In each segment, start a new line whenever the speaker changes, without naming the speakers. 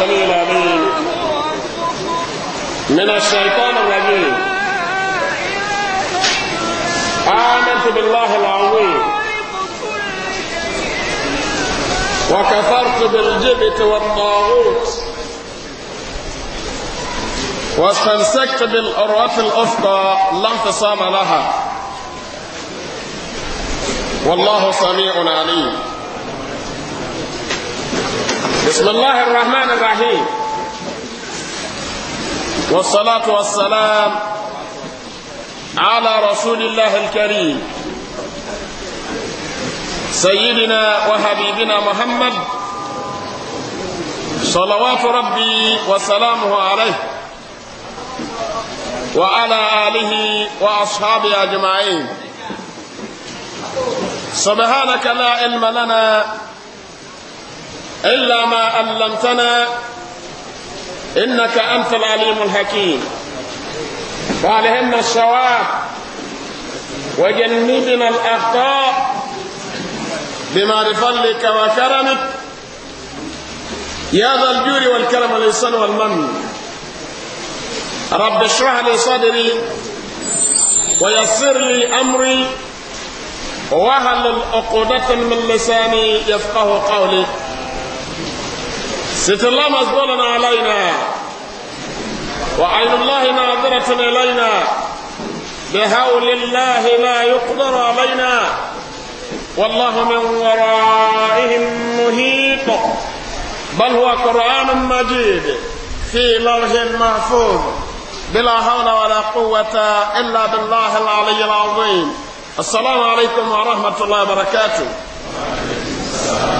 السميع العليم من الشيطان الرجيم آمنت بالله العظيم وكفرت بالجبت والطاغوت واستمسكت بالأروة الأفقى لا انفصام لها والله سميع عليم بسم الله الرحمن الرحيم والصلاة والسلام على رسول الله الكريم سيدنا وحبيبنا محمد صلوات ربي وسلامه عليه وعلى آله وأصحابه أجمعين سبحانك لا علم لنا إلا ما علمتنا إنك أنت العليم الحكيم فعليهن الصواب وجنبنا الأخطاء بما رفلك وكرمك يا ذا الجور والكرم والإحسان والمن رب اشرح لي صدري ويسر لي أمري وهل الأقودة من لساني يفقه قولي ست الله مزبولنا علينا وعين الله ناظرة إلينا بهول الله لا يقدر علينا والله من ورائهم مهيط بل هو قرآن مجيد في لوح محفوظ بلا حول ولا قوة إلا بالله العلي العظيم السلام عليكم ورحمة الله وبركاته السلام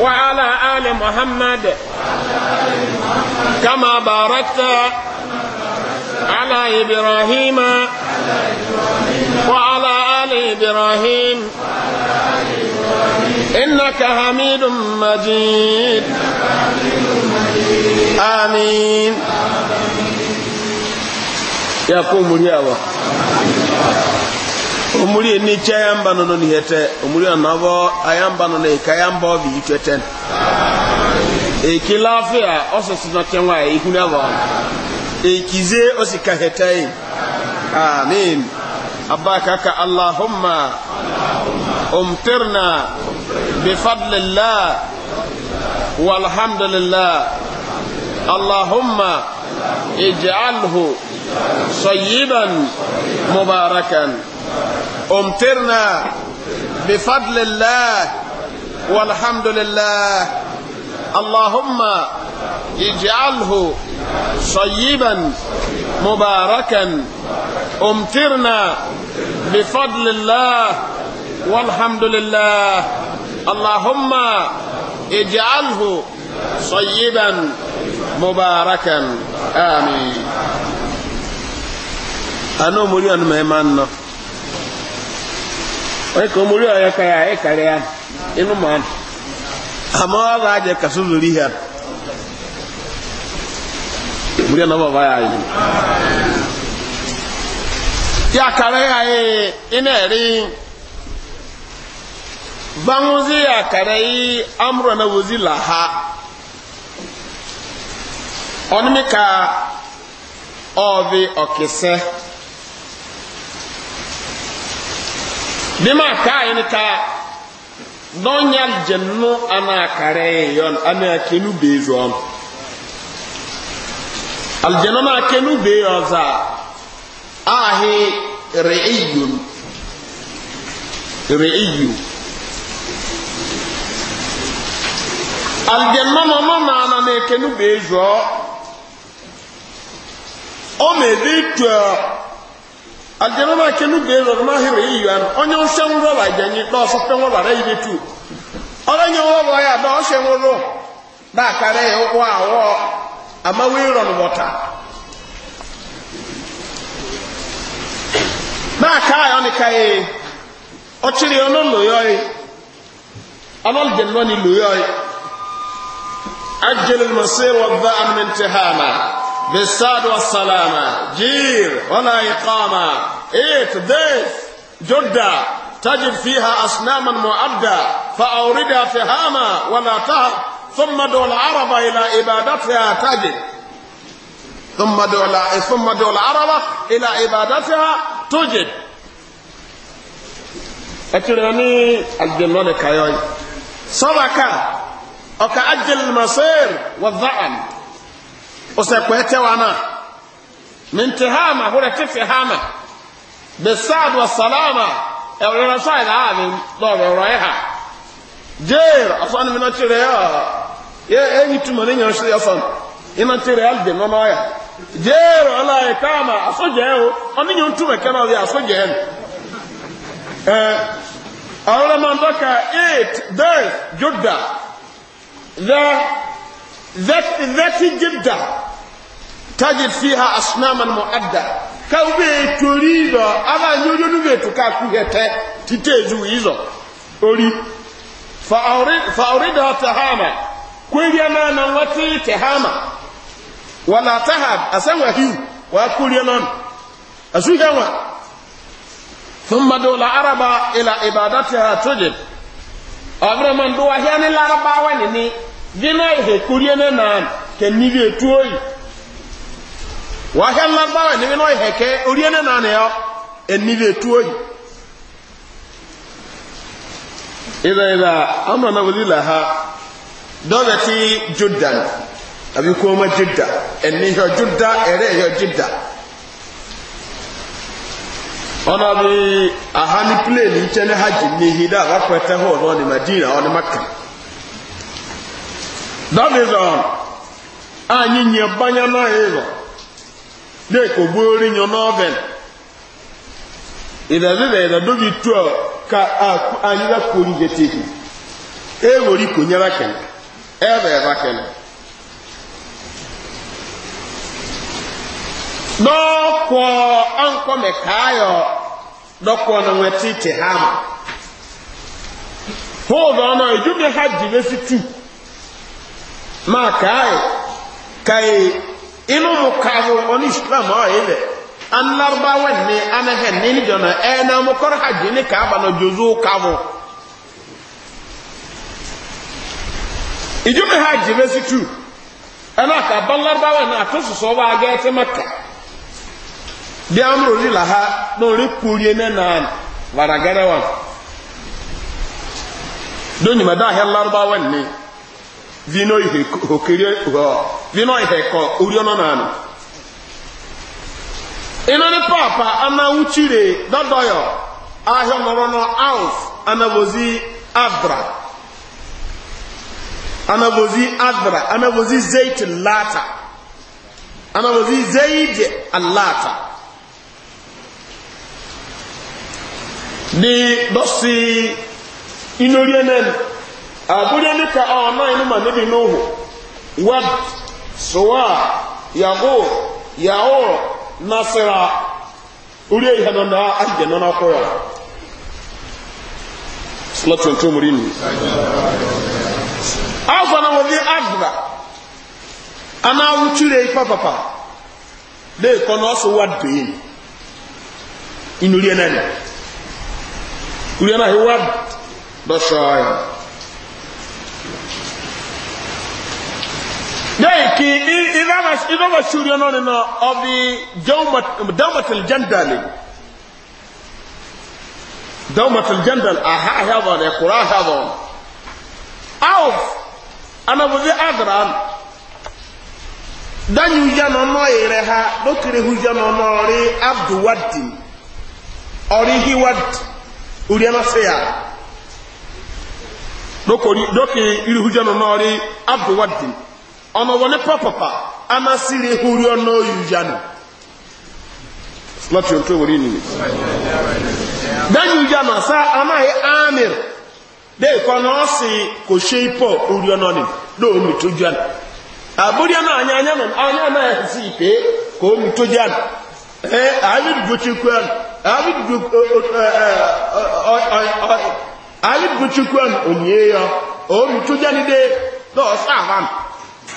وعلى آل محمد كما باركت على إبراهيم وعلى آل إبراهيم إنك حميد مجيد آمين يقوم اليوم omuri ni cha yamba no no ni hete omuri anabo ayamba no ne kayamba obi itweten ekilafia osisi no tenwa ikuna ba ekize osika hetai amin abaka ka allahumma umtirna بفضل الله والحمد لله اللهم اجعله صيبا مباركا امطرنا بفضل الله والحمد لله اللهم اجعله صيبا مباركا امطرنا بفضل الله والحمد لله اللهم اجعله صيبا مباركا امين انا مريان ميمان ẹkọ omori ọyọ kaya ẹ kari ya inú mọ ọ àmọ ọba àjẹ kàṣọ lórí ya omori ọ̀nà bàbá yà yìí yà kari ya yìí iná ẹ̀rí banwuzi ya kari yìí amúrò náà wòzi ha bima kaa yin kaa dɔnyal jennu ana akare yon ana akenu be zon aljanna na akenu be yoza ahi re'iyun re'iyu aljanna na no na na ne kenu be zo o me bitu aljana na kenu be ro na yi onye nse nro ba janyi do so pe won bara yi tu ora nyo wo bo ya do se won ro ba kare yo kwa ama no ka o chiri ono lo yo yi ni lo yo yi ajjalul masir wa dha'an ha na. بالسعد والسلامة جير ولا إقامة إيت ضيف جدة تجد فيها أصناما مؤدة فأوردها فهاما ولا تهر ثم دعو العرب إلى عبادتها تجد ثم دعو ثم دول العرب إلى عبادتها تجد أتراني الجنون كيوي صدقة أكأجل المصير والظعن وسكويت وانا من تهامة هو تفهامة بالسعد والسلامة أو الرسائل هذه دور رايحة جير أصلا من أتريا يا أي تمرين يشري أصلا إن أتريا الدم ما نايا جير على إقامة أصلا جاهو أنا ينتم كنا ذي أصلا جاهن أولا من ذكر إيت دير جدة ذا ذات جدة تجد فيها أصناما مؤدة كوبي تريد أما نيوجو نبيتو كاكوهتا تتجو إذا أولي فأورد فأوردها تهاما كويري أنا نواتي تهاما ولا تهاب أسوى هيو وأقول ينون أسوى هوا ثم دول عربا إلى إبادتها تجد أبرا من دوا هياني العربا ويني dina ihe kurie ne nan ke nivi etuoi wahia nlagbara nivi no ihe ke orie ne nan yo enivi etuoi ila ila amma na wulila ha dawati juddan abi kuma jidda enni ho judda e ere ho jidda ona bi ahani plane nchene haji ni hida wakwete ho no ni madina oni makka that is uh, uh, on anyị nye banya na ịzọ dịka ogbuori nyo n'oven ịdazịda ịdadobi tụọ ka anyị zakwuori getiki iko nye kene ebe ebe kene dɔkɔ ankɔmɛ kaayɔ dɔkɔ na ŋmɛ titi hama hóòdù ɔnà ìdúbí hajj bɛ fi tu. ma kai káyè inú mu káàbọ̀ ọ̀ní islam ọ̀yẹ́ bẹ̀ anárúbáwẹ̀ ní anahẹ̀ ní níjọ̀nà ẹ̀ náà mo kọ́rọ̀ na ní káàbà náà jòzó káàbọ̀. ìjọba hajj bẹ́ sí tù ẹ̀ náà ká bá lárúbáwẹ̀ na tó sọ̀sọ̀ wá gẹ́ ẹ̀ tẹ́ mẹ́ a ha orí làhá náà orí kúrie náà náà varagẹ́rẹ́ wa. dóyìn mẹ́ta ahẹ́ lárúbáwẹ̀ ní. vino ihe okere vino ihe ko uriono nanu ino ni papa ana uchire dodoyo ahio noro no aus ana vozi adra ana vozi adra ana vozi zait lata ana vozi zaid alata di dosi inorienen abúlé níka ọ̀nà inú ma níbi nóhù wad sowa yago yaho nasira orí ihe hàn náà àjẹ kọ́ yà sọlọ́tì ọ̀tún rí ni. azọ na wọ́n na bẹ́ẹ̀ ni inú rí ẹ̀ náà ni ki idama idama shuriyo no no of the jawmat dawmat al jandali dawmat al jandal aha hava ne qura hava auf ana buzi adran danyu jana no ire ha dokire hu jana no ri abdu wadi ori hi wadi uri ana se ya dokori doki iri hu jana no ri abdu wadi ọ̀nà wọlé pọ́pọ̀pà a máa sí rí ehúrí ọ̀nà òyìnjánu slọ́tí òtún wòrí nìyí lẹ́yìn ìjánu àṣà amáyé amir dẹ́ẹ̀kọ́ náà kò ṣe ipò orí ọ̀nà ni lóòmì tó jánu àbúrí ọ̀nà àyà àyà náà sí ìpè kò tó ẹ kú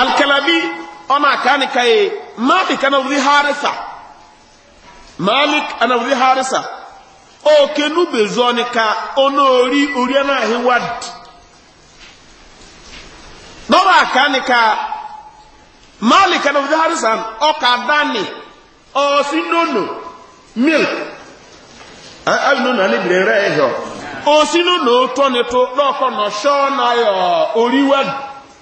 alikala bi ọ na-aka nị ka maliki anabuze harissa maliki anabuze harissa okeno bezua nị ka on'oli ori n'ahịa iwadu n'ọbụ aka nị ka maliki anabuze harissa ọ kada nị osinono miliki awị awị n'onu anyị bilie nri ọhịa ọhịa osinono otu ọnịtụ dọkọta n'ọsọ na ọrịa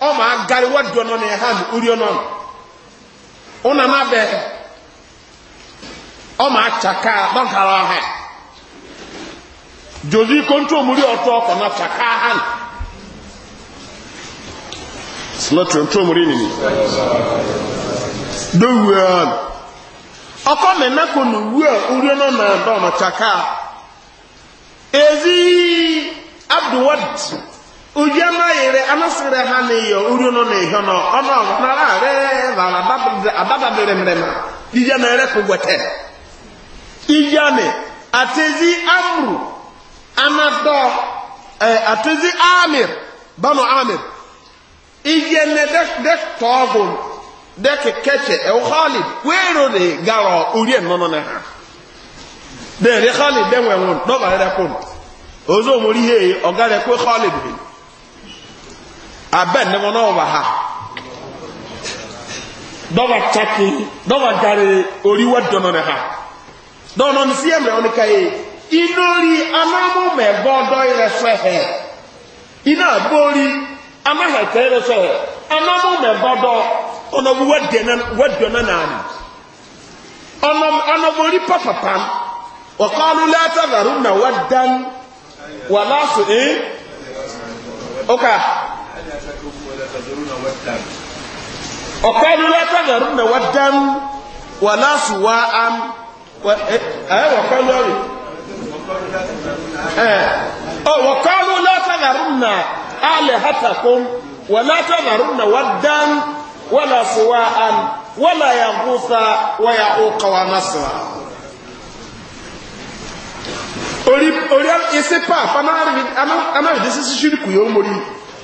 Ọ ma agari wadọ nọ na ha uri nọ nọ ụna na bẹ ọmọ achaka dọkara ha jozi kontu omuri ọtọ ọkọ na chaka ha sinatọ ntu omuri nini dọwuan ọkọ na nakọ na uwe a uri nọ na dọ na chaka ezi abdulwadi. ojú amáyé anasịrị anásìrẹ ha ni yọ orí ọ̀nà ní ìhọ́ náà ọ̀nà ọ̀nàrà rẹ rárá àbábàbẹ̀rẹ̀ mìíràn ìyá ere rẹ kò gbẹ̀tẹ̀ ìyá amru anadọ́ ẹ̀ e, amir bánu amir ìyá e, khalid abɛn ne na ɔba ha dɔba taki dɔba gari oriwa dɔnɔ na ha dɔnɔ ne si ɛmɛ ɔne ka ye inori anamu mɛ gbɔdɔ yɛrɛ fɛ hɛ ina bori anahɛ tɛ yɛrɛ fɛ hɛ anamu mɛ gbɔdɔ ɔnɔbu wa dɛnɛ wa dɔnɔ naani ɔnɔbu na wa dan oka. ọ̀kọ́ni látàgàrún na wádán wà láṣùwá am ẹ̀wọ̀kọ́lọ́rì ọ̀wọ̀kọ́ni látàgàrún na alẹ̀ hatakun wà látàgàrún na wádán wà láṣùwá am wà láyàgúsa wà yà ókọwà násìwá orí ìsípà fanáàrí amáyìdí sí ṣíríkù yóò mórí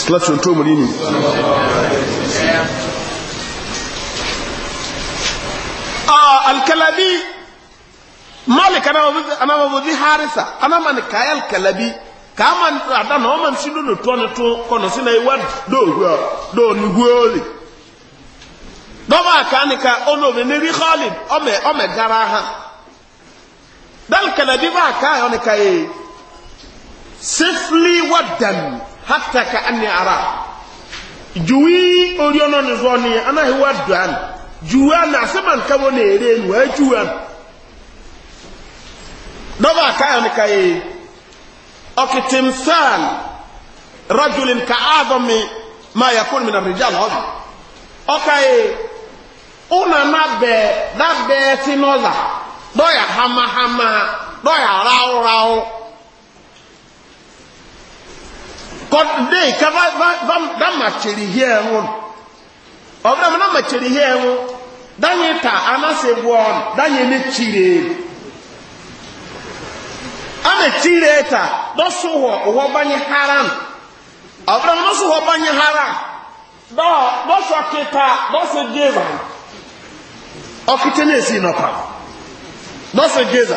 sílẹ̀tì tó mú nínú alkalabi malik anamabodi harisa anamani kaya alkalabi kama ada na ọma nsi no n'otu ọnụ tụ kọnọ si na iwa dohua doniguoli dọba aka nika ọnụ omeniri holid ọmẹ ọmẹ gara ha dalkalabi ba aka ya ọ nika ee safely wadan hatta ka anni ara juwi oriono ni zoni ana hiwa duan juan asema nkabo na ere nu wa e juan daba ka e ni kai okitimsal rajul ka e, azami ma yakun min ar-rijal hadi okay una nabe nabe tinoza doya hama hama doya rao rao kɔdei ka va va va da makyere hia ho ɔbɛn mu na makyere hia ho danye ta anase ama kyire ta dɔso wɔ banye haram ɔbɛn mu banye haram dɔɔ dɔso kita dɔso esi geza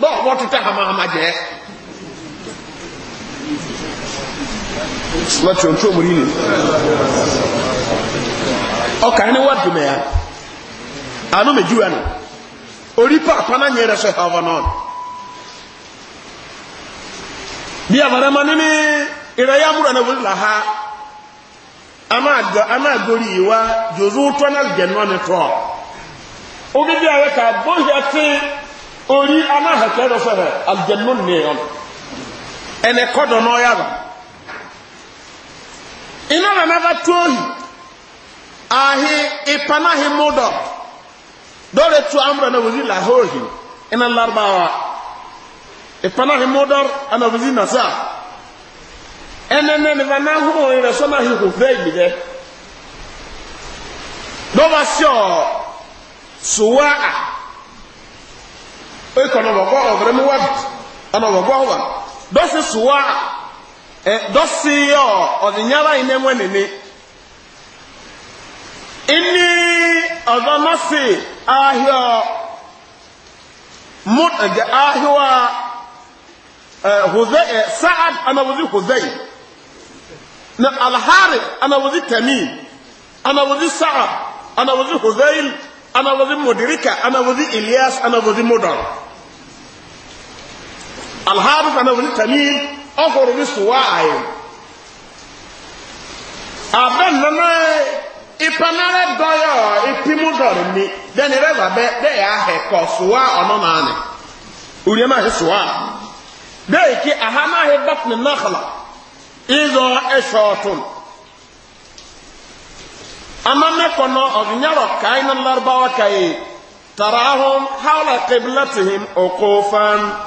bọ́ọ̀ wọ́n tuntun hamahama jẹ́ láti ọ̀tún òmùrí ni ọkà ẹni wọ́n ya àánú méjì wà ní orí pàápàá na nyẹ́ rẹ̀ṣẹ̀ ha ọ̀nà bí àbárẹ́mà nínú ịrịa ya náà na là ha anáàgórí ìwá jòzó tọ́nà jẹ̀ náà ní tọ́ orí bí ka bóyá tí ori anaha kẹrọ fẹrẹ aljannu nìyẹn ẹnẹ kọdọ n'ọya ba iná nana bá tó ohi ahi ipanahi mọdọ dọrẹ tu amúra náà wòlí làhóhi iná lárúbáwa ipanahi mọdọ ana wòlí nasa ẹnẹ nẹni bá náà hó orin rẹ sọnà hihu fẹẹbi dẹ dọba sọ a ekɔnɔ wɔgbɔ ɔvɛrɛ mu wɛbi ɔnɔ wɔgbɔ wa dɔsi suwa ɛ dɔsi yɔ ɔdinyala yi n'enwe nini ini ɔdɔnɔsi ahiɔ mu ɛgɛ ahiwa ɛ huzɛ ɛ saad anabuzi huzɛyi na alhari anabuzi tamim anabuzi saad anabuzi huzɛyi anabuzi mudirika anabuzi ilyas anabuzi mudɔn alhaabif anabini tamim ɔkɔrɔ bi so wa ayɛ abɛn nana ipanara dɔyɔ ipimu dɔri mi dɛni rɛba bɛ dɛ yɛ ahɛ kɔ so wa ɔno naani uriya maa yɛ so wa dɛ yɛ ki aha maa yɛ bafini nakala izɔ ɛsɔɔtun ama ne kɔnɔ ɔbinyarɔ kaayi na laribawa kaayi taraahum hawla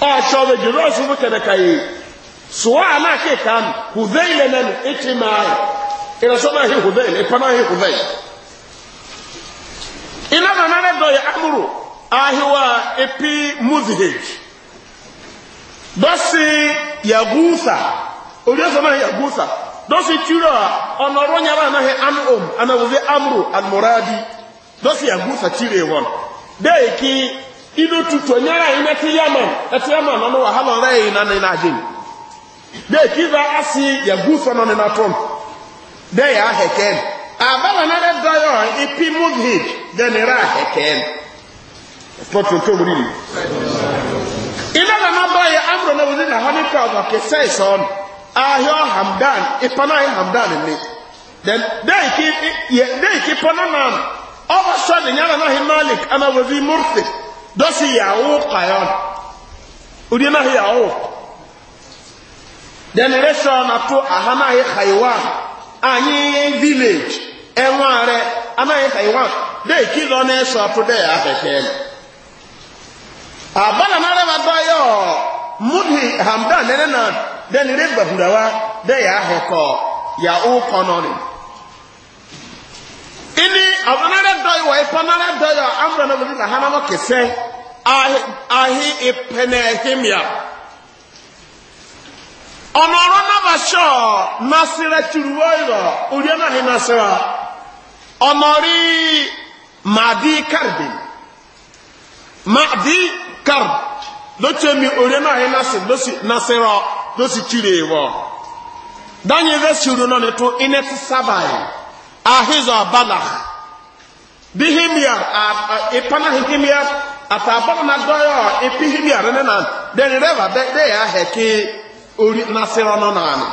aṣọ méjì rọ́ọ̀ṣù fún kẹ̀dẹ̀kà yìí sùwọ́ aláàkíkà nù hùdẹ́ ilẹ̀ nẹ́nu ètí máa yìí ìrẹsọ́ náà hì hùdẹ́ ilẹ̀ ìpamọ́ hì hùdẹ́ yìí. iná nàná rẹ̀ dọ̀ amúrò ahiwa epi muzihage dọ́sí yagusa orí ẹ̀sọ́ yagusa dọ́sí tìrọ̀ ọ̀nà ọ̀rọ̀ nyàrá náà hì anu om amúrò yagusa tìrẹ̀ wọn ino tutu anyara ina ti yaman ati yaman no wahala rai na ni na ajin de kiva asi ya gufa no na tom de ya heken abala na da doyo ipi mudhid de ni ra heken spot to muri ina na na ba ya amro na wuri na hani ka ba ke sai son ahyo hamdan ipana ya hamdan ni then de ki de ki pona man Ọba sọ ni na hi ana wezi Mursi Dosi yawo kayɔn odi na yawo generation na to ahana yi anyi village ɛnwa rɛ ana yi de ki lɔ ne sɔ ato de ya ahɛhɛ no abala na rɛba dɔ yɛ ɔ mudi hamdan nene na de ne re bahurawa de ya ahɛkɔ yawo kɔnɔ ne. ini ọ̀nàrẹ́ dọ́yọ̀ ìpọ̀nàrẹ́ dọ́yọ̀ amúrẹ́ ya lórí nà hánà na ha ahi ìpẹ̀nẹ̀ ẹ̀hìmìà ọ̀nà ọ̀rọ̀ náà bá ṣọ́ nasirẹ̀ tìrúwọ́ ìrọ̀ orí náà ní nasirẹ̀ ọ̀nà rí ma dị màdí mi ahizọ balak bihimia ipana hihimia ata abọm na dọyọ ipihimia nene na deni reva de de ya heke ori nasịrị ọnụ naanị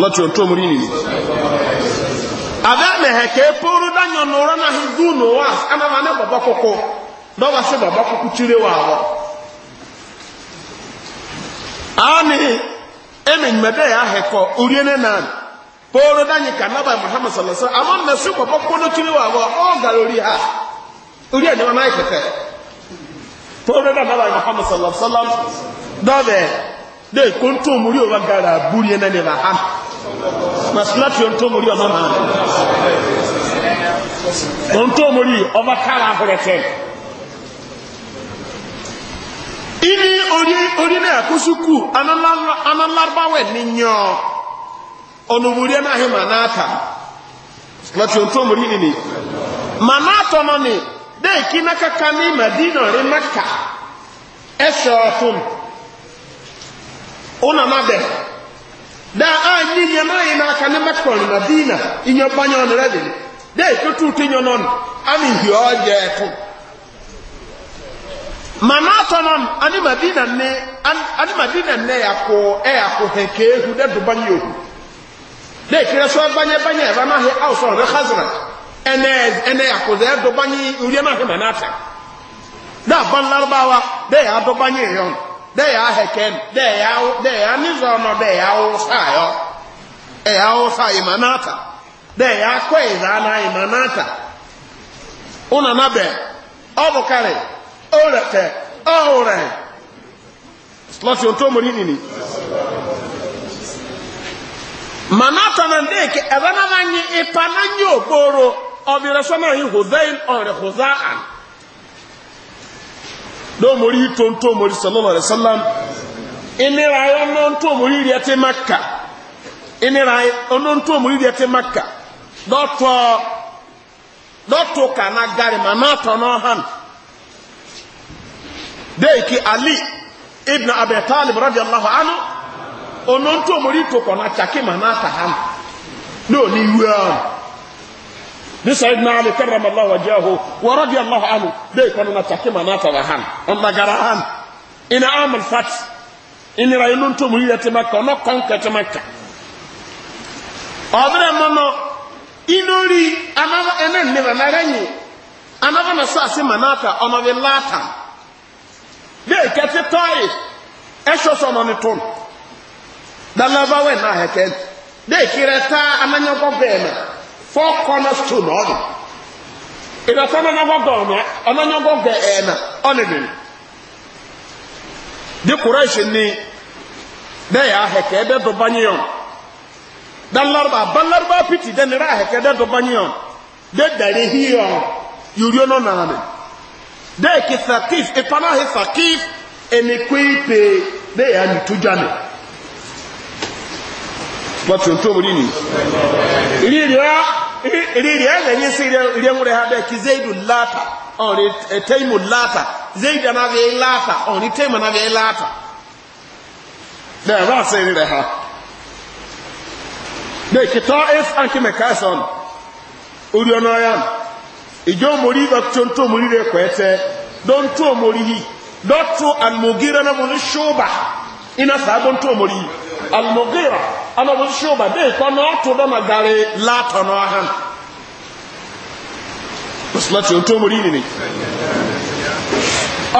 lọtụ otu omuri nini ada na heke eporu danyọ n'ụra na hizu n'ụwa anama ne bọbọ kụkụ dọba si bọbọ kụkụ chiri wa ahụ ani emenyimede ya hekọ ori na naanị kóró dányì muhammad salasa àmọ́ na si kónó kiri wà agwa ọ gara ori ha orí ẹ̀ ní wọn náà kẹ̀kẹ́ kóró dányàbà na salasa dọ́bẹ̀ dé ntọ múrí gara búrí ẹ̀ nẹ́ni na ha masilasi ọ̀ntó múrí ọ̀nà ọ ọ̀ntó múrí ọba kára ahọ́rẹ́tẹ́ ìní ni ọ̀nùmùrí náà hì mà náà kà láti ohun tó mùrí nìyí mà náà tọ́nà ni bẹ́ẹ̀ kí náà kàkà ní màdínà rí mẹ́kà ẹsẹ̀ ọ̀tún ọ̀nà má bẹ̀ dáa á ní yẹn náà yìí náà kà ní mẹ́kà ní màdínà ìyẹn bányẹ ọ̀nà rẹ̀ dì bẹ́ẹ̀ tó tù tí yẹn náà àmì hì ọ́ jẹ ẹ̀kún mà náà tọ́nà ani màdínà ní ehu dẹ́ dùbányẹ dɛ kiri so banye banye ɛba na ahe awo sɔrɔ ne hazara ɛnɛ ɛnɛ akoze ɛdo banye ewia na ahe ma n'ata dɛ aban larubawa dɛ yɛ ado banye yɔn dɛ yɛ ahɛ kɛn dɛ yɛ awo dɛ yɛ anizɔ nɔ dɛ yɛ awo saayɔ dɛ yɛ awo saayɔ ma n'ata dɛ yɛ akɔ ɛza na ayi ma n'ata ɔna nabɛ ɔbukari ɔrɛtɛ ɔwurɛ lɔsi o tó manata na ndeke ebana vanyi ipana nyo boro obira soma yi huzain onre huzaan do mori to nto mori sallallahu alaihi wasallam inira yo no nto mori ri ate makka inira ono nto mori ri ate makka do to do to kana gari manata no han deki ali ibn abi talib radiyallahu anhu ono ntu omori tokɔ na kyake ma na ata ham na wia ni sayid na ali karam wa wajahu wa radi allah anhu de kɔnɔ na kyake ma na ata wa ham ɔnagara ham ina amal fat inira inu ntu omori yɛ tema ka ɔno kɔn kɛ tema ka ɔbɛrɛ mɔnɔ inori anaba ɛnɛ nneba na ɛrɛ anaba na sɔ ase ma na ata laata de kɛtɛ tɔɔye ɛsɔ sɔ na dalaba wɛ na hɛtɛ de kirɛ taa ananyɔkɔ bɛɛ mɛ fɔ kɔnɔ stone ɔdi ìdọ̀tí ananyɔkɔ bɛɛ mɛ ananyɔkɔ bɛɛ mɛ ɔni bi de kurɛsi ni de yà hɛtɛ de dɔba nyiyɔn dalaraba balaraba piti de nira hɛtɛ de dɔba nyiyɔn de dari hiyɔn yorio nɔ naani de kisakif ipanahi sakif enikuipe de yà nitujani. wọ́n tó mú nínú rírí ẹ̀rẹ̀ yín sí ìrẹ́múrẹ́ ha bẹ́ẹ̀ kí zaidu láta ọ̀rẹ́ tẹ́ìmù láta zaidu náà bẹ́ẹ̀ láta ọ̀rẹ́ tẹ́ìmù náà bẹ́ẹ̀ láta bẹ́ẹ̀ rá sí ìrẹ́ ha bẹ́ẹ̀ kí tọ́ ẹ́sì àǹkí mẹ́kàásán orí ọ̀nà ọ̀yá ìjọ mórí dọ́tún tó mórí rẹ̀ kọ́ ẹ̀tẹ́ dọ́tún mórí yìí dọ́tún àlùmọ̀gẹ́rẹ́ náà mo ní ṣóbà iná sàá dọ́tún mórí yìí àlùmọ̀gẹ́rẹ́ ana wọn si ọba de kọ na ọtọ dọ na gari laatọ na ọha masalasi o tó mo rí nìyí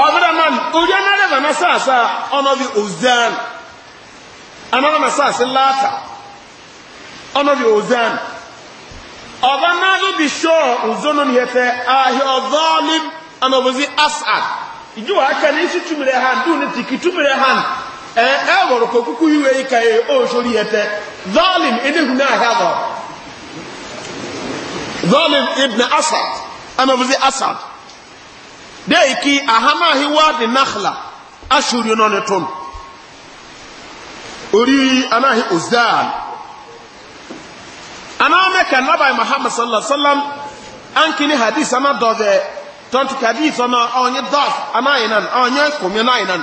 ọbẹrẹ man orí anara nana sàásà ọmọ bi ozan anara na sàásì laata ọmọ bi ozan ọba náà bi sọ ozono ni yẹtẹ ahẹ ọdọọlim anabọsi asad ìjọba aka ní isi tumire han dùn ní tìkì tumire han ẹwọ̀rọ̀ kò kúkú ìwé ikẹ̀ òṣòrí ẹ̀tẹ́ zalim inúhùn náà hẹ́lọ̀ zalim ibn asad amẹ́bùsí asad dẹ́ ikí ahamahiwa di nakhla aṣòrí náà ni tún orí anáhi uzal anáwọ̀mẹ́kẹ̀ nábàá muhammad sallallahu alaihi wasallam an kini hadith anadọ́dẹ̀ tọ́ntukadì sọ́nà ọ̀nyẹ́ dọ́f anáyìnan ọ̀nyẹ́ kòmínáyìnan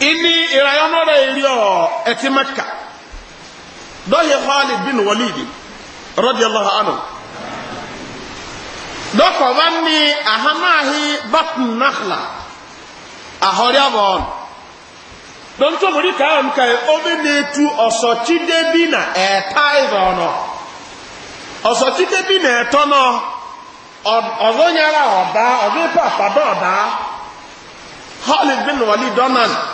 ini irayɔnɔ rɛ eriɔ ɛti mɛka dɔyɛ khalid bin walidi radiyallahu anhu dɔkɔba ni ahamahi batun nakhla ahɔriabɔn dɔntomori kaa mu kaa obe n'etu ɔsɔtide bi na ɛta ibɔnɔ ɔsɔtide bi na ɛtɔnɔ ɔzɔnyara ɔda ɔbi papa dɔda bin walidi dɔnan.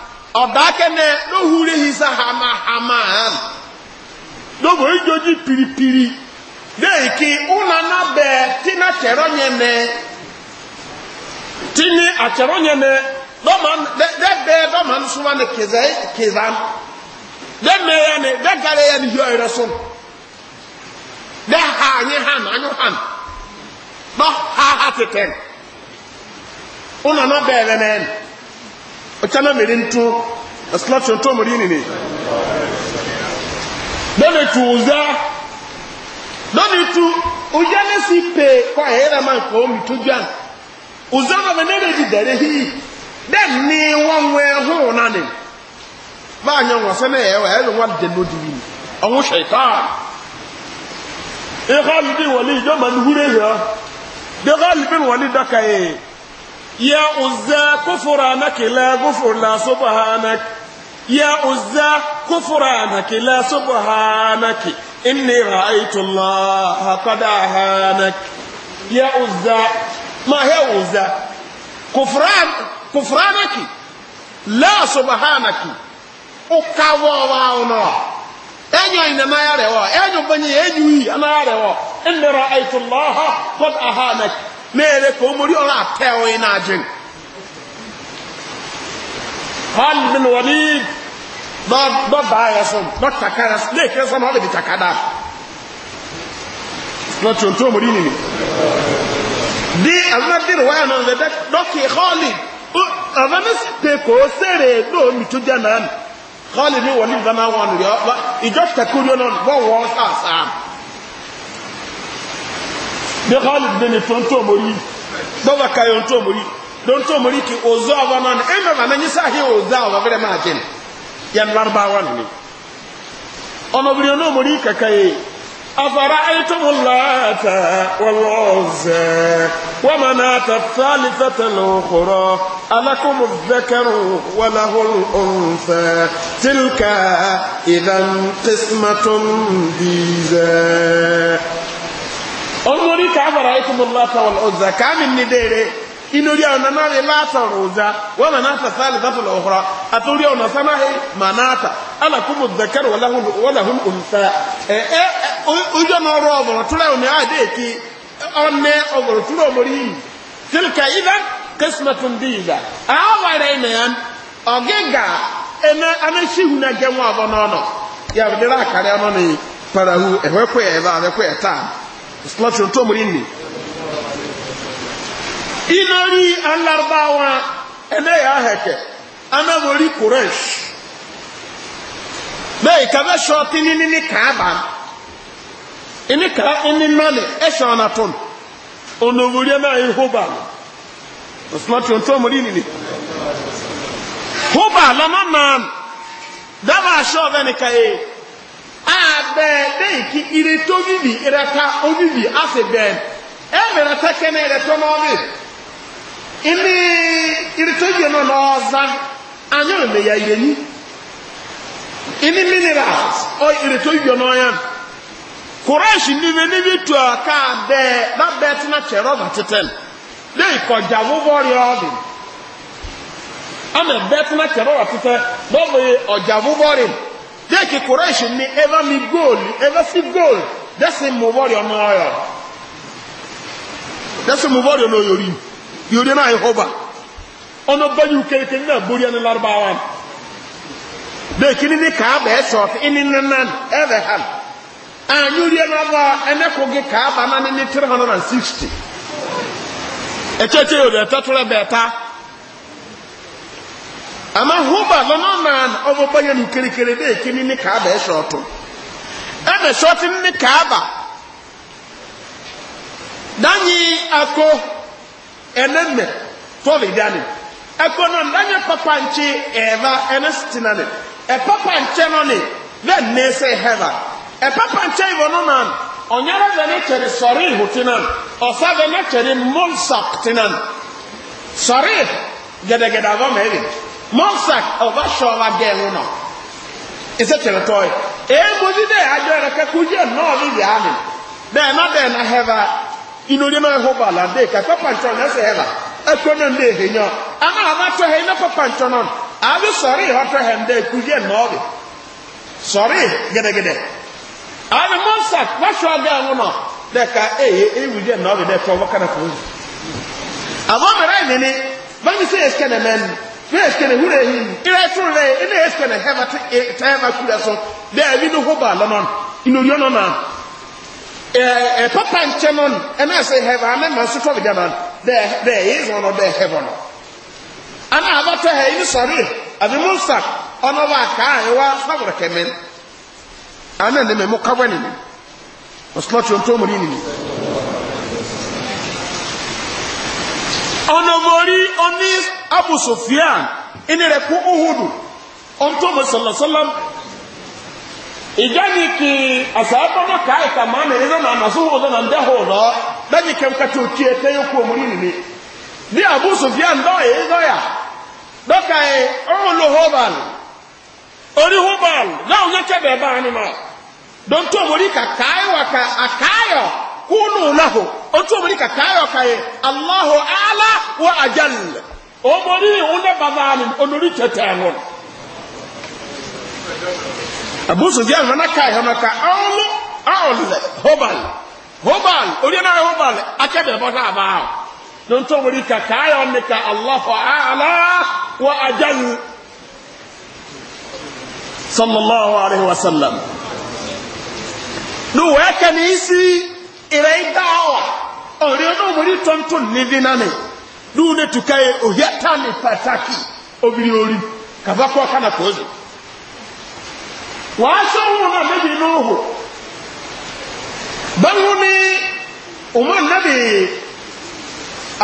ọ̀dákẹ́nẹ́ ló húrí hisa hamahama hàn lóbo ìjọjí piripiri léèkì ńnana bẹ́ẹ̀ tí ní àtẹ̀rọ yẹn nẹ tí ní àtẹ̀rọ yẹn nẹ dẹ́bẹ́ dọ́mà ń súnmọ́ ní kìzá dẹ́mẹ́ yẹn ni yẹn ni yọ sùn hàn hàn dọ́ ha ha tètè ọ̀kyánà mèrè ntó ẹ̀sìlọ́tì ntó mèrè nìní lónìí tu ọ̀zá lónìí tu ọ̀yá ní sí pè kọ́ ẹ̀yẹ́ rẹ̀ máa ń kọ́ omi tó gbà ọ̀zá náà mẹ́ nílẹ̀ di dẹ̀rẹ̀ hí dẹ́ ní wọ́n wẹ́ hóró náà ni báà nyẹ wọn sẹ́nẹ̀ ẹ̀yẹ́ wọ́n ẹ̀yẹ́ wọ́n dẹ̀ ní odi yìí ọ̀hún ṣètá ìhàlùdí wọlé ìjọba ní húrẹ́ yọ dẹ́hàlùdí يا عزى كفرانك لا غفر لا سبحانك يا عزى كفرانك لا سبحانك إني رأيت الله قد أهانك يا عزى ما هي عزى كفران كفرانك لا سبحانك أكواوانا أنيو ما يريوا أنيو بني أنيو أنا يريوا إني رأيت الله قد أهانك mere ka o mori ọrụ apẹ onye na-ajị Khalid bin Walid dọba ya sọ dọtakara na-ekere sọ takada lọtụ ntụ omori di azụmadịrị waya na nzede dọkị Khalid azụmadị pe ka o sere na omitu dị na Khalid bin Walid bana bí khalid bẹ́ni tó ń tó mori dọ́wọ́ kayo ń tó mori ló ń tó mori kí òzò àwọn náà ni ẹ̀mẹ́ màá nẹ́yìn sáà hí òzò àwọn abẹ́rẹ́ máa jẹ́ ni yẹn lárúbáwá nìyẹn ọmọbìnrin náà mori kẹkẹ yìí afara ayetum laata wọlọ́ọ̀zẹ wọ́n máa náà ta fáàlì fẹ́tẹ̀ lọ́kọ̀rọ̀ alákòmù bẹ́kẹ̀rù wọláhùn ọ̀nfẹ́ tìlkà ìdánqismatun bìzẹ́. olórí káfàrà ìtumọ̀láta wọn ọ̀zà káàmì ní déere inúrí na náà rí látọ̀rọ̀ ọ̀zà wọ́n mọ̀ na tàṣà lè dáfọ̀ lọ ọ̀họ́rọ̀ àtúrí ọ̀nà sánáhì mà náà tà alákùnmù zakar wọláhùn ọ̀nsá ẹ̀ ẹ́ ojú ọ̀nà ọ̀rọ̀ tilka nọ láti ọ̀tọ́ mọ̀rí nì iná rí alárúbáwá ẹlẹ́yà ahẹ̀kẹ̀ anáwórí kùrẹ́ṣ bẹ́ẹ̀ kàbẹ́ ṣọ́ọ̀tì níní ní kàábà ní kàá ní mọ́lẹ̀ ẹ̀ṣọ́ ọ̀nà tó nù onòwòrí ẹ̀mẹ́ ayé hóbà láti ọ̀tọ́ mọ̀rí nì hóbà lọ́mọ́ mọ́ dábàá ṣọ́ọ̀bẹ́ nìkan yìí abẹ́ẹ̀dẹ́ ìkí ire tó vivi ìrẹta ovivi ase bẹ́ẹ̀ ẹ̀mẹ̀rẹ̀ tẹ́kẹ́ ní ire tó yẹ náà n'ọ́za anyọ́ ìmẹ̀yà ìrẹ̀yìn ìní minerals ọ ire tó yẹ n'ọ́yà kùrẹ́ẹ̀sì níbi níbi tù abe ká bẹ́ẹ̀ lábẹ́ẹ̀ tí náà kyẹ̀rọ̀ ama na ọjà deki kureishi ni eva mi goal eva si goal desi muvori ọmọ ọyọ desi muvori ọmọ yori yori náà ihoba ọmọ bẹyì kéèké náà borí ẹni larubawa deki ni ni kaaba ẹsọ ẹni nanan ẹbẹ ha anyuri ẹni aba ẹni kogi kaaba náà ni ni three hundred and sixty ẹkyẹ kyẹ yóò dẹ ẹtẹ tó ama hoba lọnà nan ọmọ bẹyẹ nu kerekere bẹẹ kini ni kaaba ẹ sọọtọ ẹna sọọtọ ni kaaba danyi ako ẹnẹmẹ tọọlì dani ẹkọ e náà danyi papa nkye ẹẹva ẹnẹ sitina ni ẹpapa e nkyɛ no ni bẹẹ nne sẹ hẹva ẹpapa e nkyɛ yìí wọn nan ọnyẹrẹ bẹẹ ne kyẹrẹ sọrọ ihu tinan ọsa bẹẹ ne kyẹrẹ mọnsak tinan sọrọ gẹdẹgẹdẹ abọ mẹrin mɔsak ɔba sɔɔba gɛɛlu nɔ ɛsɛ tɛrɛtɔɛ ɛɛmɔdi dɛ adzɔ yɛrɛ kɛ kudzi ɛnɔɔbi bi ami dɛ ɛna dɛ ɛna hɛva inoli na ɛhɔ ba la de kakɔ pantɔ na ɛsɛ hɛva ɛtɔ na ɛnde ehe nyɔ ana ava tɔ hɛ ɛna kɔ pantɔ nɔ abi sɔri hɔ tɔ hɛ ndɛ kudzi ɛnɔɔbi sɔri gɛdɛgɛdɛ ami mɔsak ɔba sɔɔ gɛɛlu nɔ dɛ ka eye ewudzi ɛnɔɔbi dɛ tɔ ɔba kana kɔ ne eskene hure hin ire ture ine eskene hema te e, tema kula so de abi no ho ba lonon ino yo nona eh eh papa nche non e na se heva me ma so to bi jaman de de is one of monster ono ba ka e wa sabra kemen ana ne me mo ka wani oslotio nto mo ni ono mori onis abu sufiyan ẹni rẹ̀ kú uhudu ọ̀ntọ́mọ̀ sọ̀lọ̀sọ́lọ́m ìjáni kì í àsàbọ̀mọ̀ káyìkà máa mẹ́rin náà nà nàṣó wọ́n náà ndẹ́ hó lọ lẹ́yìn kẹ́mkẹ́tì òkè ẹ̀tẹ́ yóò kú omori nìmi bí abu sofian dọ́ọ̀yẹ̀ dọ́ọ̀yà dọ́kà ẹ̀ ọ̀run ló hobal orí hobal náà ń yẹ́kẹ́ bẹ̀ẹ́ bá a nìmọ̀ dọ́ntọ́ omori kà káyọ̀ kà omori wunde bazaani onori tete no abusu di ahona kai hona ka aolo aolo hobal hobal ori na hobal akebe bota ba non to mori ka kai on ka allah a'la wa ajal sallallahu alaihi wasallam du weka ni isi ire dawa ori no mori tonton nune tukaye òhìátá ní pàtàkì obìnrin orí kàbákọ́ kánà kòóze wàá sọ́wọ́n náà méjì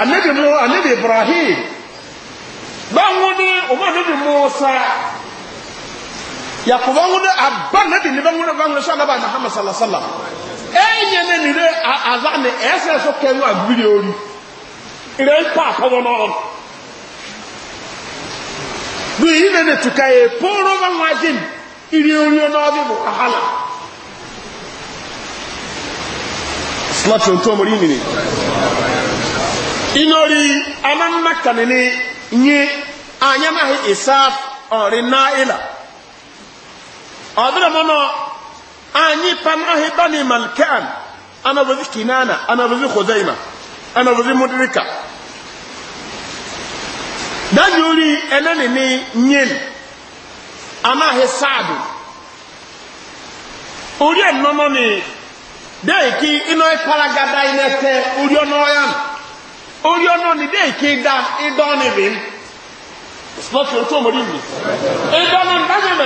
anabi mu anabi ibrahim báwo musa yakuba wuli aba anabi ni báwo ni na ni sọ sallallahu alaihi a sallam ẹ yẹn azani ìrẹ́ ipa àpọ̀wọ́ náà bí i nẹ́nẹ̀ tùkà yẹ pọ́ọ̀rọ̀ bá wọn ajé mi ìrì orí ọ̀nà ọdún mọ̀ kàhálà slọ́tì ohun tó mọ̀ rí nìyí iná rí amánákanì ní yí anyámáhì ìsáf ọ̀rí náà anyi danyori ɛnɛ ne ne nyen anaghị saadu ori ɛnɔnɔ ne deeki inɔ ipalagada yi n'ɛtɛ ya no e ori nọ ne deeki da idɔ ne bi sɔtɔ tó mo di mi idɔ ne ndanye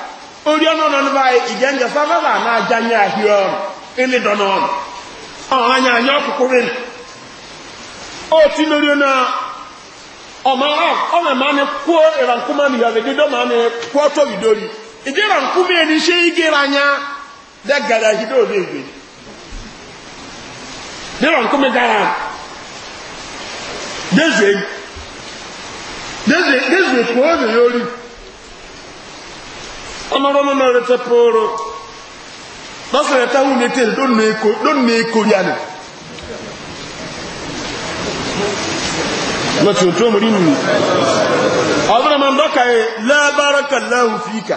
orí ọ̀nà ọ̀nà ní báyìí ìjẹ́njẹ sábàbà náà já ní àhí ọ̀rùn ilé dọ̀nà ọ̀rùn ọ̀rùn ó ti lórí ọ̀nà ọmọ ọmọ ẹ̀ma ni kó ìrànkúmá mi yàrá ìdí dọ́mà ni kó tó ìdórí ìdí ìrànkúmá ẹni ṣé igi ranya gara kó ó ọmọ ọmọ náà rẹ̀ tẹ́ pọ́ọ̀rọ̀ lọ́sọ̀rọ̀ táwọn ní tẹ́lẹ̀ lónìí èkó yà ní lọ́tí ò tó mú rí nìyí ọ̀bọ̀n ọmọ ọ̀dọ́ka yẹ lẹ́bàárọ̀kà láhùn fíkà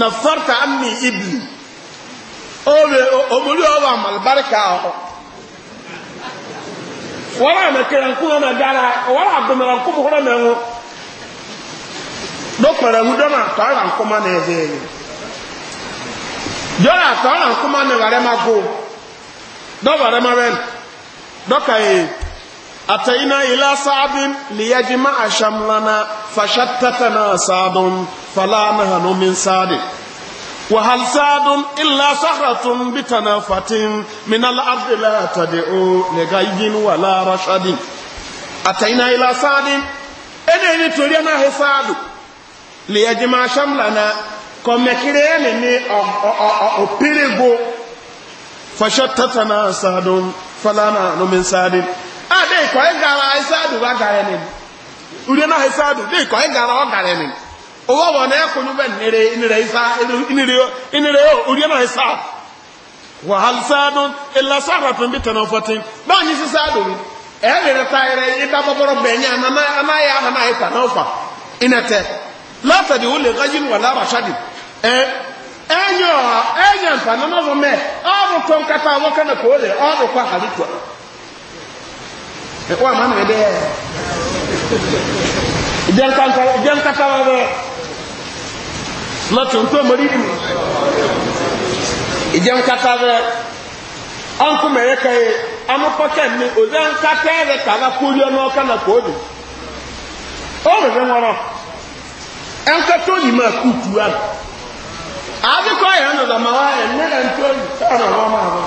na fọ́ta àmì ìbì òmùrí ọwọ́ àmàlùbáríkà ọ̀họ́ wọ́n rà mẹ́kẹrẹ nkúmọ̀ mẹ́gára wọ́n rà àgbẹ̀mẹ̀rẹ̀ nkúmọ̀ mẹ́wọ́ dɔkpɛrɛ hu dɔna tɔɔra nkoma na ɛzɛ yi dɔna tɔɔra nkoma na wɛrɛ ma go dɔwɛrɛ ma bɛ dɔka yi e, atayina ila saabin liyajima ashamlana fashatatana saadun falanahanu min saadi وهل ساد إلا صخرة بتنافة من الأرض لا تدعو لغي ولا رشد أتينا إلى ساد إنني ترينا ساد lèyẹjìmá sàmlànà kọmẹkìrẹ ẹni ní ọpẹrẹgbó fọṣọ tẹtẹnà sàdùn fọlánà lómi sàdì a dé ìkọ ẹgara ẹsàdù bá gara ẹni ure náà ẹsàdù dé ìkọ ẹgara ọgara ẹni owó wọn náà inire níbẹ nírẹ nírẹ ẹsà nírẹ nírẹ ure náà ẹsà wàhálì sàdùn ìlà sàràtún bí tẹnà fọtín náà ní sísàdù ẹ lè rẹ tayẹrẹ ìdábọbọrọ bẹẹ ní àná náà yà áhà náà ẹta náà fà ìnẹtẹ. látàdé ó lè gáyé wà lára e ẹ ẹnyẹ ọha ẹnyẹ nfààní mẹ ọrùn tó nkata àwọn kánà kò lè ọrùn kọ àhàlì tó ẹ wà nkata nkata wà bẹ lọtọ ntọ mọrí ni nkata bẹ ọnkú mẹrẹ kẹyẹ amúpọkẹ mi nkata rẹ kàlá náà kánà lè rẹ ɛnkɛtɔ yi ma kutu ano adi kɔ yɛ no dama wa yɛ ne na ntɔ yi ɛna wɔn ma wɔn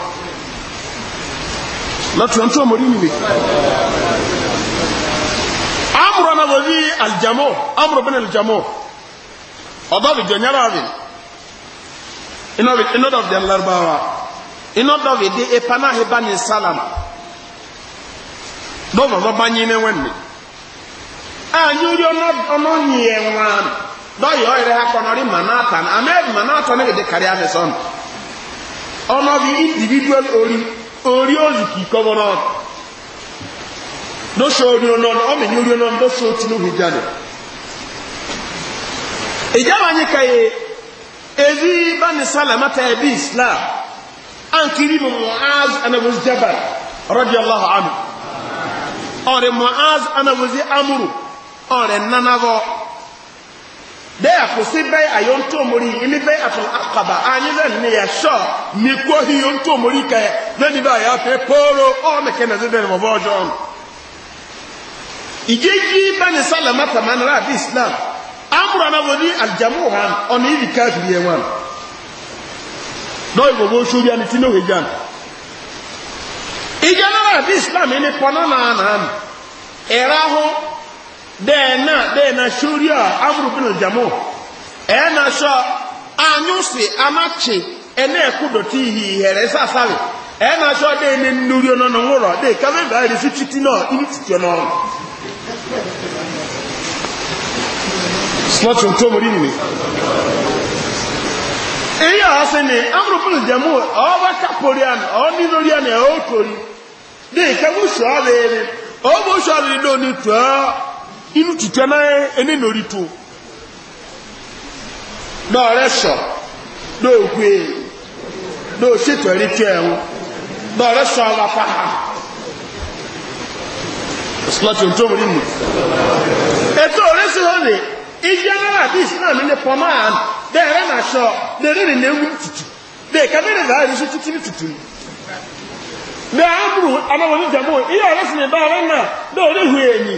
na tuntun mo di nimi amuro na wɔ yi alijamo amuro bɛ na alijamo ɔba bi jɔnyara bi ina bi ina dɔ bi dɛm laribawa ina dɔ bi di epa na heba ni salama dɔw bɛ fɔ ba nyi anyuri ọnọ nyi yɛ nwan dɔyi ɔyɛrɛ akɔnɔri manatan amɛ manatan ne de na amɛ sɔn ɔnɔ bi individual ori ori oziki kɔbɔnɔ lɔsɔ ori ɔnɔ ɔmɛ nyuri ɔnɔ lɔsɔ tinu hujja ni ìjàmbá nyi ka ye ebi bani salama ta ebi islam ankiri mu muaz anabuzi jabal rɔdi allahu anu ɔri muaz anabuzi amụrụ. ọ̀rẹ̀ nanabọ́ bẹ́ẹ̀ kò sí bẹ́ẹ̀ ilé bẹ́ẹ̀ àtún àkàbà anyilẹ̀ ní yẹ kẹ lẹ́ni bá yà fẹ́ pòórò ọ̀mẹ̀kẹ́ nàzẹ́ bẹ́ẹ̀ mọ̀ fọ́jọ́ islam amúra náà wọlé àjàmú ọ̀nà ìdí káàkiri ẹ̀ wọn. lọ́ọ̀yìn gbogbo sórí ẹni tí islam ẹni dẹ́ẹ̀nà dẹ́ẹ̀nà ṣúríà amúrùbínú jamu ẹ̀ẹ́nà ṣọ anyúsì amáchi ẹ̀nà ẹ̀kúdọ̀tí ìhì ìhẹ̀rẹ̀ sàṣàlì ẹ̀ẹ́nà ṣọ dẹ́ẹ̀nà nùrí ọ̀nà ńwúrọ̀ dẹ́ẹ̀ kábẹ́bà rẹ̀ sí títí náà inú títí ọ̀nà ọ̀nà. tó mọ̀ rí nìyí. èyí ni kápórí àná àná ẹ̀ ó torí dẹ́ẹ̀ inú tìtẹ́ náà ẹni lórí tó náà rẹ sọ náà gbé náà ṣètò ẹni tí ẹ wọn náà rẹ sọ ọmọ apá ha ìsìláàtì ohun tó mú nínú ètò orísun hàn ní iye náírà bí ìsìnà mi ní pọmọ àn bẹẹ rẹ náà sọ lè rí nìyẹn wú tutù bẹẹ kábẹrẹ náà rí sí tutù ní tutù ní bẹẹ àbúrò anáwó ní jàmbó iye ọrẹsìn ìbá rẹ náà náà rí hu èyí.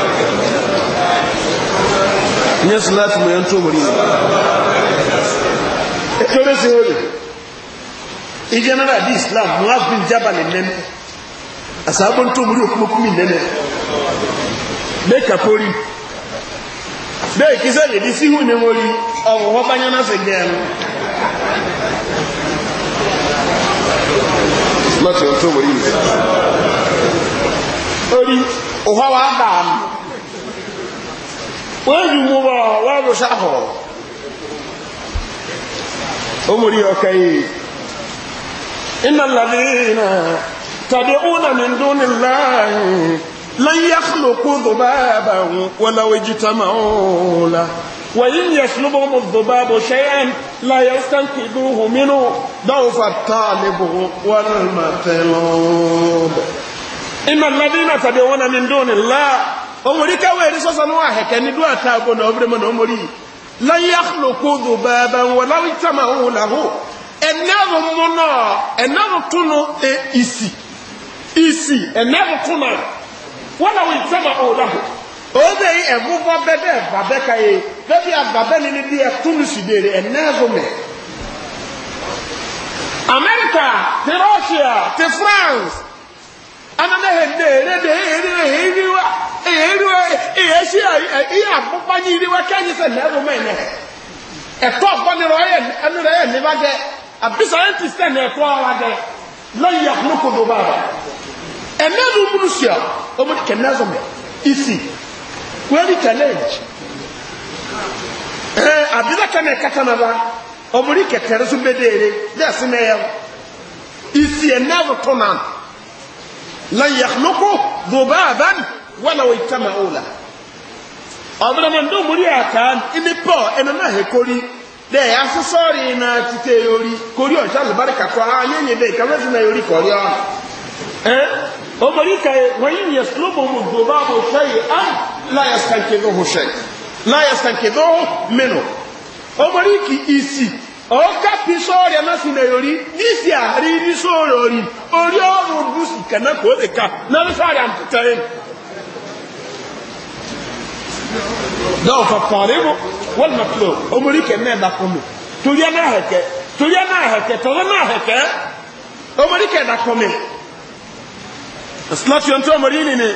onye salatu mu yanto muri si ijenara di islam muaz bin jabal nene asabo nto muri okumo kumi nene be kapori be kisa le ne mori awo na se gbe no salatu wọ́n yìí mú bọ́ wọ́n lọ sáhọ̀ ó mú rí ọkẹ́ yìí iná làdí iná tàbí ọ̀nà mi ń dún nílá lẹ́yìn àkùlùkù dùbàbà wọn lọ́wọ́ jí tamà ọ̀la wọ́yìn yẹ sùlùbọ̀ mọ̀ dùbàbà ṣẹ́yàn láyé sẹ́ńkì ń dún nílá omori kawo eri sasa no aheke ni do ata abo na obre mo na omori la yakhluqu dhubaba wa la yatma'u lahu enawo mono enawo tuno e isi isi enawo tuno wa la yatma'u lahu obe e America, Russia, France, ananehende erede eriwe eriwe eyesi iye akpọkpanye iriwa kẹnyi sẹ nẹẹbu mẹnẹ ẹtọ ọgbọnirọ ẹyẹ ẹnirọ ẹyẹ nípa dẹ àbí scientist ẹ nà ẹtọ ọwa dẹ lọyìn àkùnúkùnú bá wa ẹnẹnu múlù sùá ọmọ isi wẹẹri challenge ẹ àbídàkẹ nà ẹkẹtẹ nà bá ọmọ rí kẹtẹrẹ sùn isi ẹnẹnu tó لن يخلقوا ذبابا wala اجتمعوا له ọ̀dọ́dọ́ mọ̀ ní òmùrí àká ilé pọ̀ ẹnu náà hẹ kórí na yà sọ́sọ́rì iná títẹ̀ yorí kórí ọ̀ṣà lùbáríkà kọ́ ayéyè dẹ̀ ìkàwẹ́sì náà yorí kọ̀rí ọ́ ẹ́ ka wọ́n yìí yẹ sùlùmù mu gbòbá mu ọ̀ọ́kẹ́pì sọ́ọ̀rì ẹ̀mẹ́sìnà yorí níìsì àárí ní sọ́ọ̀rì orí orí ọ̀rùn gúúsù kẹ̀nà kò lè ka náà sọ́ọ̀rì àmùtẹ́rẹ́ dọ́ọ̀ fọ̀fọ̀rẹ́ mu wọ́n mọ̀ pé omori kẹ̀mẹ́ ẹ̀dá kọ́ mu torí ẹ̀ náà hẹ̀kẹ́ torí ẹ̀ náà hẹ̀kẹ́ tọ́lọ́ náà hẹ̀kẹ́ omori kẹ̀ ẹ̀dá kọ́ mi ẹ̀sìnà tí o ń tọ́ omori nìyẹn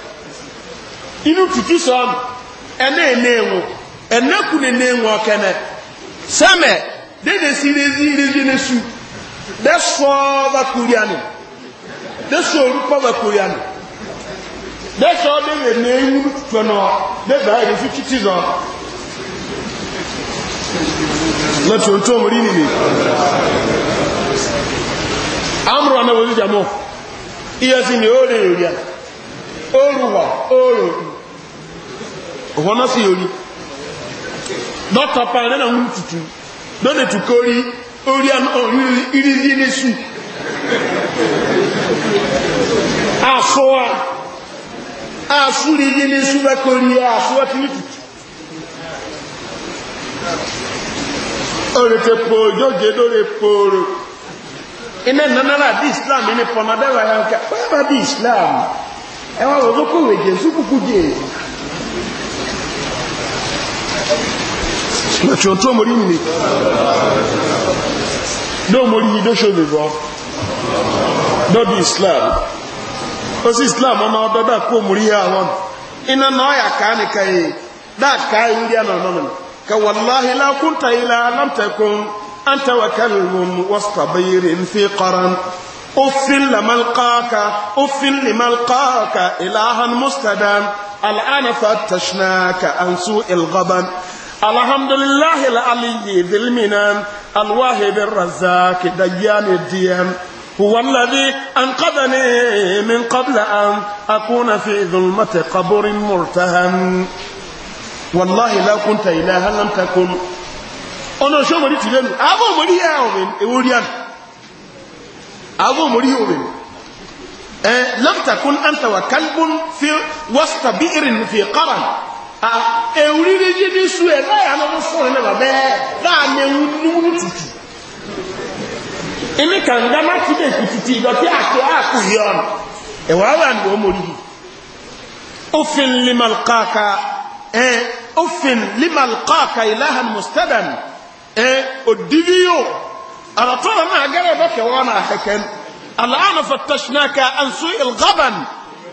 inú tutu sọm ẹnẹ ẹnẹẹwò ẹnẹkù nẹnẹẹwò ọkẹnẹ sẹmẹ dẹdẹ si rezi rezi n'esu dẹ sọọ ba koreani dẹ sọọ orúkọ ba koreani dẹ sọọ dẹ yẹ n'ewu tọnọ dẹ bá yẹ fi titi zọ lọtí o tó omori nìyí amúrò anáwó onídjàmọ iyẹsí ni ó rè èrè oru wa oru òhun náà sì yọrí dọ́tà pa ẹ̀rẹ́ náà ń tutù lónìí tù kó rí orí ìrírí ní sùn àṣọwà àṣúrírí ní sùn lẹ́kọ̀ọ́ rí àṣọwà tí ní tutù orete pojo jedore poro ina nanara di islam ni pọnadẹ́wà ẹ̀ka pẹ́ẹ́bà di islam ẹwà òzókòwè jésù kúkú jésù lọ́tí ọ̀tọ́ mọ̀rí nìí dọ́ mọ̀rí yìí dọ́ ṣòbí bọ́ dọ́dí islam ó sí islam ọmọ ọdọ́dá kó mọ̀rí yà wọn iná náà yà ká ní ká yìí dáàká ìrí àná ọ̀nà ka wàláhì lákúntà ilá alámtẹkùn àǹtẹwàkẹ́lùmùn wọ́sítàbẹ̀yẹrẹ ń fi kọ́ran أفل لما القاك أفل لما القاك إلها مستدام الآن فتشناك عن سوء الغبن الحمد لله العلي ذي المنان الواهب الرزاق ديان الديان هو الذي أنقذني من قبل أن أكون في ظلمة قبر مرتهن والله لو كنت إلها لم تكن أنا شو مريت لن أبو مريت أبو مريت إيه àwọn òmòrí òwe ẹ lọ́tàkùn àǹtàwà kálbùn fi wọ́sítà bí irin fi kọ́ra èwúrírí jíjí sú ẹ láyà lọ́wọ́ fún ẹ bàbá ẹ láàmì ewu níwú tutù ẹni kàńdá má ti dé tutù ìdọ̀tí àti àkù yọ ẹ̀wọ̀ على طول ما جرى بك وانا حكم الان فتشناك عن سوء الغبن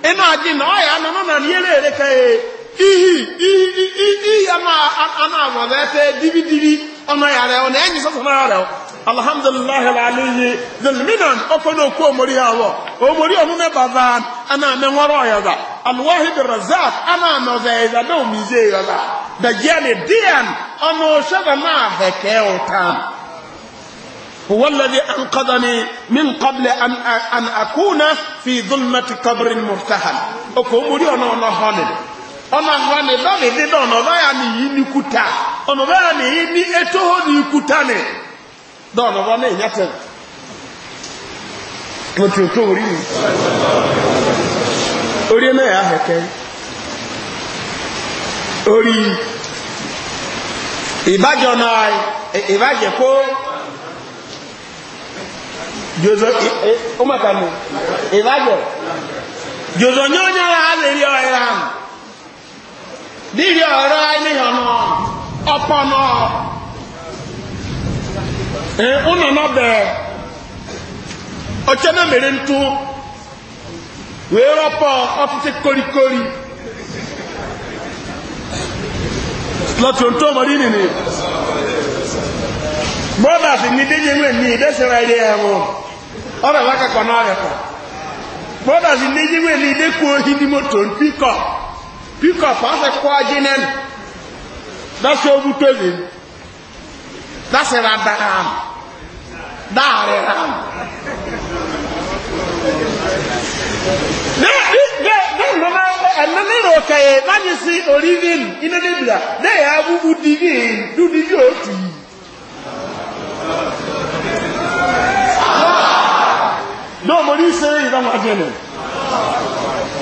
ان اجن اي انا ما نيله لك إيه، إيه،, إيه،, ايه ايه انا انا يعني، يعني ما بيت دبي دبي انا يا انا اني ما على الحمد لله العلي ذي المنن اكنو كو مري هو او مري انو انا من ورا يدا الواحد الرزاق انا ما زي ذا دومي زي يدا دجالي ديان انا شبه ما هكه تام هو الذي أنقذني من قبل أن أن أكون في ظلمة قبر مرتهل أكون أنا أنا هاني أنا هاني لا لدي أنا لا يعني يني كوتا أنا لا يعني يني أتوه يني كوتاني ده أنا هاني يتر متوتوري أوري ما يهكى أوري إباجناي إباجكو jozo umakanu ibajo jozo nyonya la hazeli oiram dili ora ni hono opono Ee uno no be ochana mere ntu wee ropo ọtụtụ korikori láti ohun tó mọ̀rí nìní bọ́ọ̀dà sì ní déjé mẹ́ ní ìdẹ́sẹ̀rẹ̀ ilé ẹ̀wọ̀n ọ̀rọ̀ ìwá kẹ́kọ̀ọ́ náà rẹ̀ kọ̀ brothers ní yíwé ní ilé kú ohi ní mọ́tò ń píkọ̀ píkọ̀ fàáṣẹ kọ́ ajé nẹ́nu dáṣẹ́ ogún tóbi dáṣẹ́ ra dáa dáàrẹ̀ ra ẹ̀nàmì rò kẹ̀yẹ̀ láti sí orivin iná níbìlá lẹ́yìn abúgbú dìbì dúdìbì òtù yìí dɔw mo ní sẹ́yìn ìdáhùn àjẹnù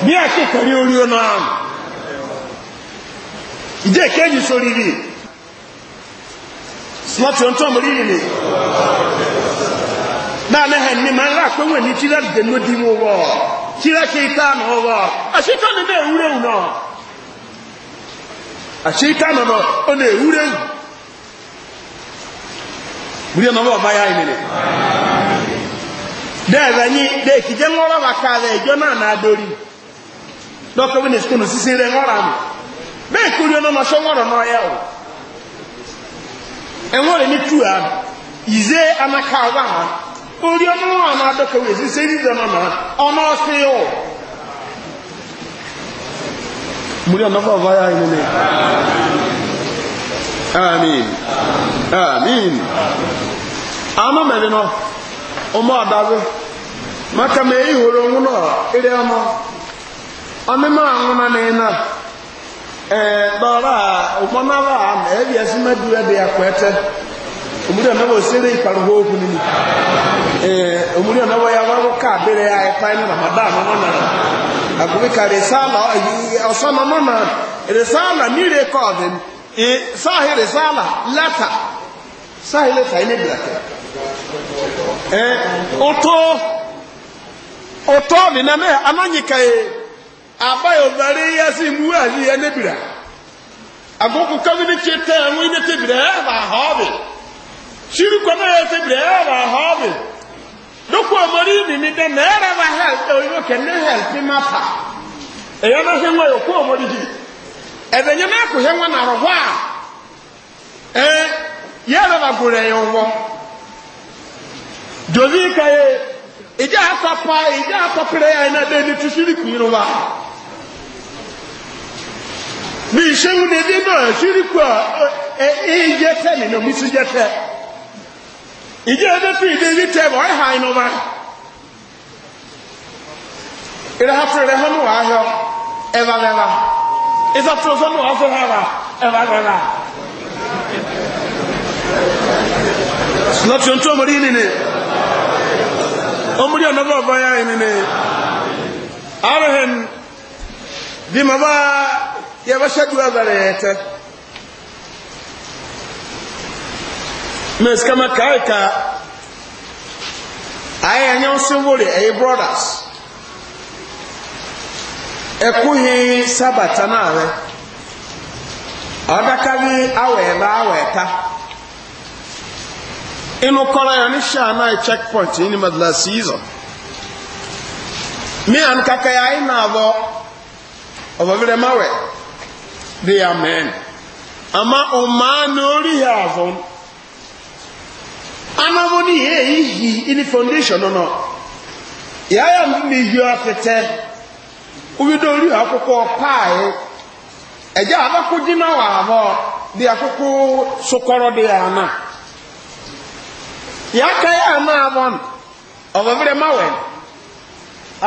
bí àkẹ́kọ̀ọ́ orí ọ̀nà ìjẹ́ kéjì sórí rí láti ọ̀ntọ́ mo rí nìyí dáadáa hẹ̀ ní máa ń rà pé wọ́n ní tíra dènú di wọ́n wọ́ tíra kí ká mọ̀ wọ́ àṣetọ́ ni náà ewúrẹ́ wù náà àṣetọ́ nà náà ó náà ewúrẹ́ wù dẹ́ẹ̀bẹ̀ ní dẹ́ẹ̀kìjẹ́ ńlọ́rọ̀ wàká rẹ̀ ìjọ náà náà dórí dọ́kọ̀ wí ní sísí rẹ̀ ńlọ́rọ̀ àmì bẹ́ẹ̀ kúrú ọmọ ṣọ́ ńlọ́rọ̀ náà yẹ ọ̀ ẹ̀wọ́n rẹ̀ amaka wà á orí ọmọ wọn náà sísí amin amin ọmọ ọ̀dáwé maka ma eyi hụrụ onwụ nọ ịrị ọmọ ọmịma ahụ na n'ịna ee dọrọ a ụmọnara a na ebi esi medu ebe ya kwete omuri ọnọbọ osiri ịkpara ụgwọ okwu nini ee omuri ọnọbọ ya wọrụ ka abịrị ya ịkpa ịnụ ramadan nọ na agụbị ka resala ọsọ nọ nọ na resala n'ire kọọdụ sahi resala leta sahi leta ịnebirata E, oto ọtọ ni na mẹ ananyikaye e, e, ya yasi mu ali ẹnẹbira agogo kabini kyetẹ ẹwọn yi n'etebira ẹba ahọbi siri kọ náà ẹtebira ẹba ahọbi dọkọ ọmọdé nìní dẹ mẹrẹ bá hẹ ọyọ kẹne hẹ ẹtì má pa ẹyọ náà hẹ wọn yọ jozi kaye ìjà àtàpá ìjà àtàpẹrẹ yà iná dé ní tùsírí kùn ní wa bí ìṣẹ́gun ní ẹbí náà ṣíríkù ẹ ìjẹ tẹ nínú mi sí jẹ tẹ ìjẹ ẹbí fi ìdí ní tẹ bọ̀ ẹ hà iná wa ìrẹ hàtúrẹ rẹ hàn wà áyọ ẹwà rẹwà ìsàtúrọ sọnù wà fẹ rẹwà ẹwà rẹwà. lọ́tí ohun tó mọ̀ rí nìyẹn ọmọdé ọ̀nà bọ̀ bọ̀ yá ẹni ni arhin bí ma bá yẹ bá ṣẹ́jú ẹ̀bẹ̀rẹ̀ yẹ tẹ́ mẹ́sìkà máa kàá ìka ayé ẹ̀yẹ́ ń sínwó rẹ̀ ẹ̀yẹ́ brothers ẹ̀kú yìí sábàtà náà rẹ̀ ọ̀dàkàbí awẹ̀ inu ya yẹn ní ṣáná checkpoint ní madrasa yìí mi à kaka yà ayé náà bọ ọ̀bọ̀ bí de foundation nọ yà á yà mí mi hi ọ̀tẹ̀tẹ̀ wọ́n dẹ́ orí àkókò páàyè ẹ̀jẹ̀ àbákò di yaka ya ama abon ọbọbịrị mawe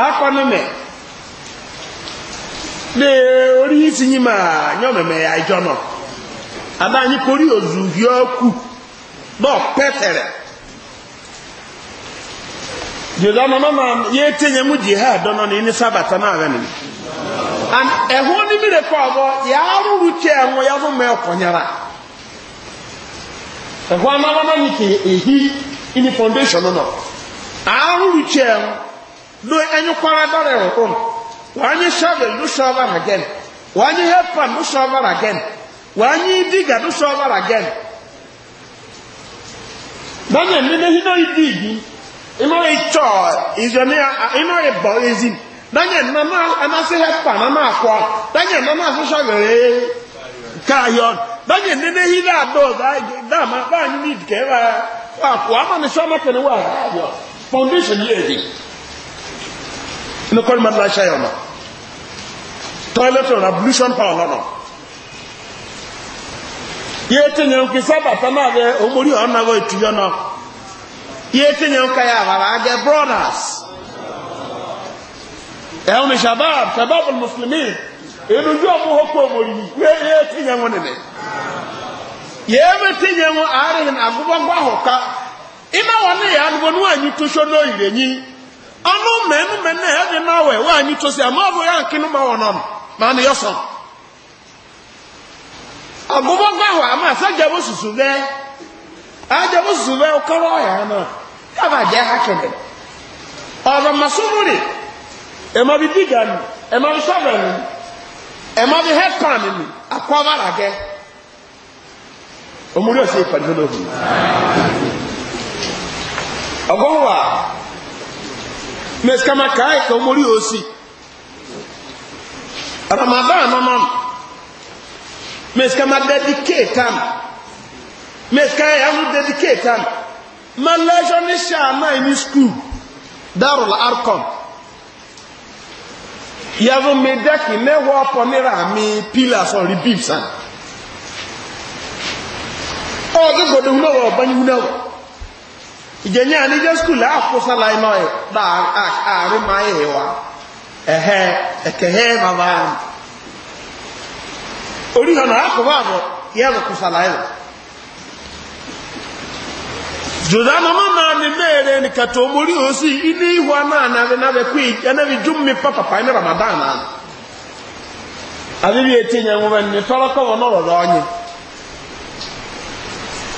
akọnụ na de isi ya ìjọ nọ adáyé kórí òzù yọ na bọ pẹtẹrẹ nọ nọ yẹ ya mu jihad dọnọ ní ní sábàtà náà rẹ nìyí and ẹ̀hún ní mìíràn kọ́ ọ̀bọ yà á rúru tẹ ẹ̀hún yà fún mẹ ọkọ̀ ini foundation nọ arụrụ iche do enyekwara dọrọ ịrụtụn wanye shovel do shovel again wanye helpan do shovel again wanye diga do shovel again danye mmemme hino idi igi ino ịchọ izoni ino ịbọ ezi danye nnama amasị helpan ama akwa danye nnama asụ shovel ee kaayọn danye mmemme hino adọ dama banyị nid ka ebe paako ama ne so amaka ne wɔ adeɛ foundation yɛ ɛdi ne kɔn ma lahyɛ toilet and ablution power lɔnɔ yɛ te nyɛ nkisa bata na adɛ omori ɔn na wɔ etu yɛ no yɛ te brothers ɛhɔn ne shabab shabab muslimin edu ju ɔmo hɔ kɔ omori yɛ yɛ te nyɛ ŋɔ yɛbɛtinye mu arehe na agobɔgba hɔ ka ima wɔ ne yɛ adobo no wanyito hwɛ no oyirenyi ɔno mɛnu mɛnu ɛde no awɛ wanyito sɛ ama ɔbo yɛ anke no ma wɔ nam ma ne yɛ sɔn agobɔgba hɔ ama sɛ gya susu bɛ agya susu bɛ ɔkɔrɔ ɔyɛ ano yaba gya ha kɛlɛ ɔbɛ ma so mu de ɛma bi diga ni ɛma bi sɔbɛ ni ɛma bi hɛ pan ni akɔ la gɛ. omori ọsẹ ìpàdé lóhùn ọgọ́rùn wa mẹsikama kaa ẹ̀ka omori òsì ramadan mamam mẹsikama dedikéetam mẹsikama ẹ̀hánú dedikéetam malaysia ní sàmà ní skul darul arkom yàtọ̀ mẹdẹ́kì mẹ́wọ́ ọ̀pọ̀ nira mi pílà sọ̀rí bíbsàn ọdún gbọdọ̀ wúlọ̀ wọ̀ ọ̀bá yíwú náà ìjẹ̀nyẹ́ àníjẹ́ skúlù àkóso láìnà ẹ̀dá àárín máa yẹ̀ wá ẹ̀hẹ́ ẹ̀kẹ̀hẹ́ bàbá rẹ̀ orí ọ̀nà àkọ́bá àbọ̀ yẹ́ ẹ̀rọ kóso láìnà jòdá mama náà ni mẹ́ẹ̀rẹ́ nìkan tó mórí òun sí ilé ìwà náà nàbẹ̀ nàbẹ̀ kú ẹnẹ́bi júmi pápápá ẹni ramadan náà àbíbi ètí ìyẹn wọn ni tọ́lọ́kọ̀ wọn náà rọ̀ lọ́ọ́ yẹn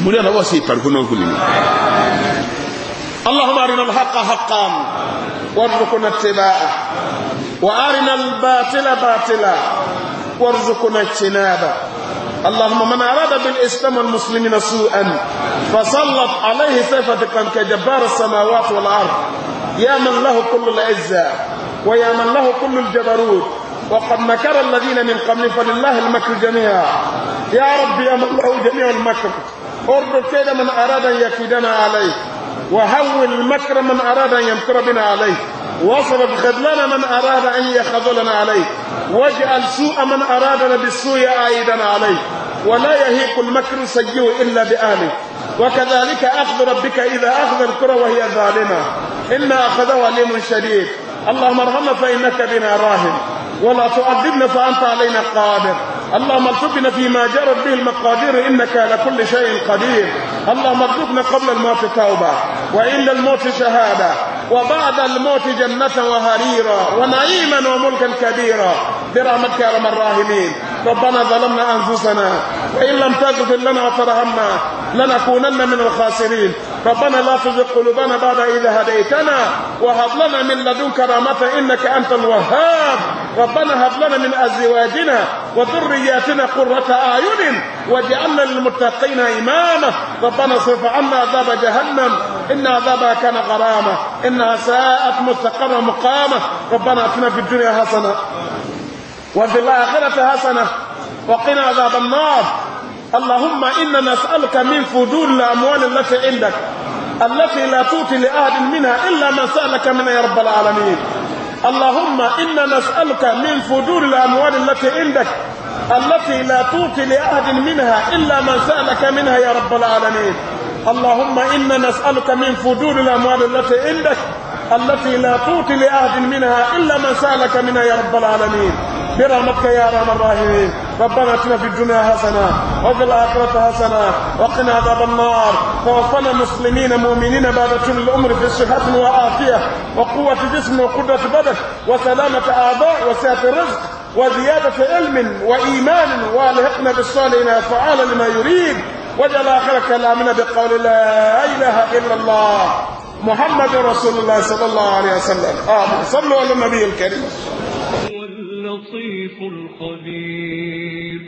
مولانا واسي باركونا كلنا اللهم ارنا الحق حقا وارزقنا اتباعه وارنا الباطل باطلا وارزقنا اجتنابه اللهم من أراد بالإسلام والمسلمين سوءا فسلط عليه سيفتك كجبار السماوات والأرض يا من له كل العزة ويا من له كل الجبروت وقد مكر الذين من قبل فلله المكر جميعا يا رب يا من له جميع المكر ارد كيد من أراد أن يكيدنا عليه وهول المكر من أراد أن يمكر بنا عليه وصرف خذلنا من أراد أن يخذلنا عليه واجعل سوء من أرادنا بالسوء عائدا عليه ولا يهيق المكر السيء إلا بأهله وكذلك أخذ ربك إذا أخذ الكرة وهي ظالمة إن أخذه عليم شديد اللهم ارحمنا فإنك بنا راهب ولا تؤذبنا فأنت علينا قادر اللهم ارزقنا فيما جرت به المقادير إنك على كل شيء قدير اللهم ارزقنا قبل الموت توبة وإن الموت شهادة وبعد الموت جنة وهريرا ونعيما وملكا كبيرا برحمتك يا رب الراحمين ربنا ظلمنا أنفسنا وإن لم تغفر لنا وترحمنا لنكونن من الخاسرين ربنا لا تزغ قلوبنا بعد إذا هديتنا وهب لنا من لدنك رحمة إنك أنت الوهاب ربنا هب لنا من أزواجنا وذرياتنا قرة أعين واجعلنا للمتقين إماما ربنا صرف عنا عذاب جهنم إن عذابها كان غراما إنها ساءت مستقرة مقامة ربنا أتنا في الدنيا حسنة وفي الآخرة حسنة وقنا عذاب النار اللهم إنا نسألك من فضول الأموال التي عندك التي لا توتي لأحد منها إلا ما سألك منها يا رب العالمين اللهم إنا نسألك من فضول الأموال التي عندك التي لا توتي لأحد منها إلا ما سألك منها يا رب العالمين اللهم إنا نسألك من فضول الأموال التي عندك التي لا توتي لأحد منها إلا ما سألك منها يا رب العالمين برحمتك يا ارحم الراحمين ربنا اتنا في الدنيا حسنه وفي الاخره حسنه وقنا عذاب النار ووفنا مسلمين مؤمنين بعد طول الأمر في صحه وعافيه وقوه جسم وقدره بدن وسلامه اعضاء وسعه رزق وزيادة علم وإيمان والهقنا بالصالحين فعال لما يريد واجعل آخر كلامنا بقول لا إله إلا الله محمد رسول الله صلى الله عليه وسلم آمين صلوا على النبي الكريم اللطيف الخبير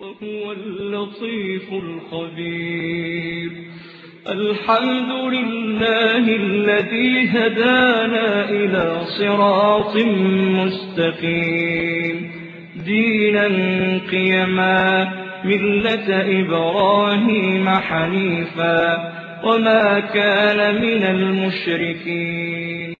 وهو اللطيف الخبير الحمد لله الذي هدانا إلى صراط مستقيم دينا قيما ملة إبراهيم حنيفا وما كان من المشركين